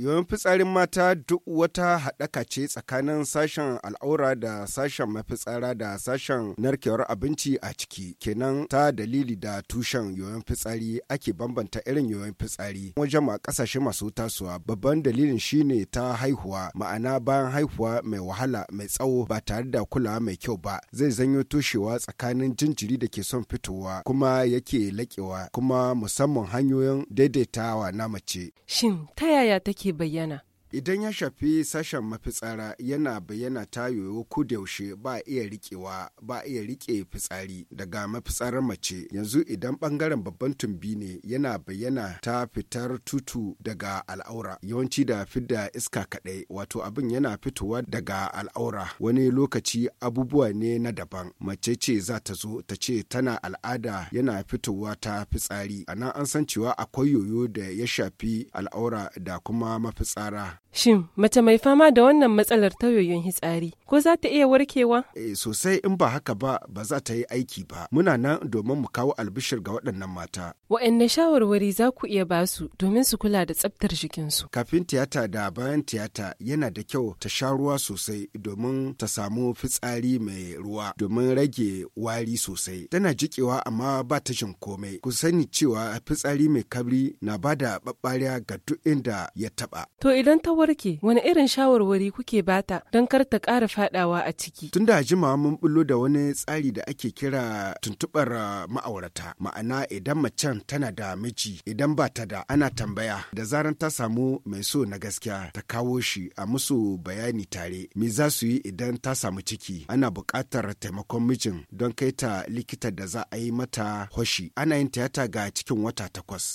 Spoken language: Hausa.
Yawan fitsarin mata duk wata haɗaka ce tsakanin sashen al'aura da sashen mafitsara da sashen narkewar abinci a ciki, kenan ta dalili da tushen yawan fitsari ake bambanta irin yawan fitsari. Wajen a ƙasashe masu tasowa babban dalilin shine ta haihuwa, ma'ana bayan haihuwa mai wahala mai tsawo ba tare da kulawa mai kyau ba zai zanyo toshewa tsakanin jinjiri da ke son fitowa kuma yake laƙewa kuma musamman hanyoyin daidaitawa na mace. Shin ta yaya take take bayyana idan ya shafi sashen mafitsara yana bayyana ta yoyo ko da yaushe ba iya rikewa ba iya rike fitsari daga mafitsarar mace yanzu idan bangaren babban tumbi ne yana bayyana ta fitar tutu daga al'aura yawanci da fidda iska kadai wato abin yana fitowa daga al'aura wani lokaci abubuwa ne na daban mace ce za ta zo ta ce tana al'ada yana fitowa ta fitsari a nan an san cewa akwai yoyo da ya shafi al'aura da kuma mafitsara Shin mace mai fama da wannan matsalar ta yoyon hitsari ko za ta iya warkewa? Eh, sosai in ba haka ba ba za ta yi aiki ba. Muna nan domin mu kawo albishir ga waɗannan mata. Waɗanne shawarwari za ku iya ba su domin su kula da tsaftar jikinsu? Kafin tiyata da bayan tiyata yana da kyau ta sha ruwa sosai domin ta samu fitsari mai ruwa domin rage wari sosai. Tana jikewa amma ba ta jin komai. Ku sani cewa fitsari mai kabri na ba da babbariya ga duk inda ya taɓa. To idan ta warke wani irin shawarwari kuke bata don kar ta ƙara fadawa a ciki. Tun da jima mun bullo da wani tsari da ake kira tuntubar ma'aurata ma'ana idan macen tana da miji idan ba ta da ana tambaya da zaran ta samu mai so na gaskiya ta kawo shi a musu bayani tare me za su yi idan ta samu ciki ana buƙatar taimakon mijin don kai ta likita da za a yi mata hoshi ana yin tiyata ga cikin wata takwas.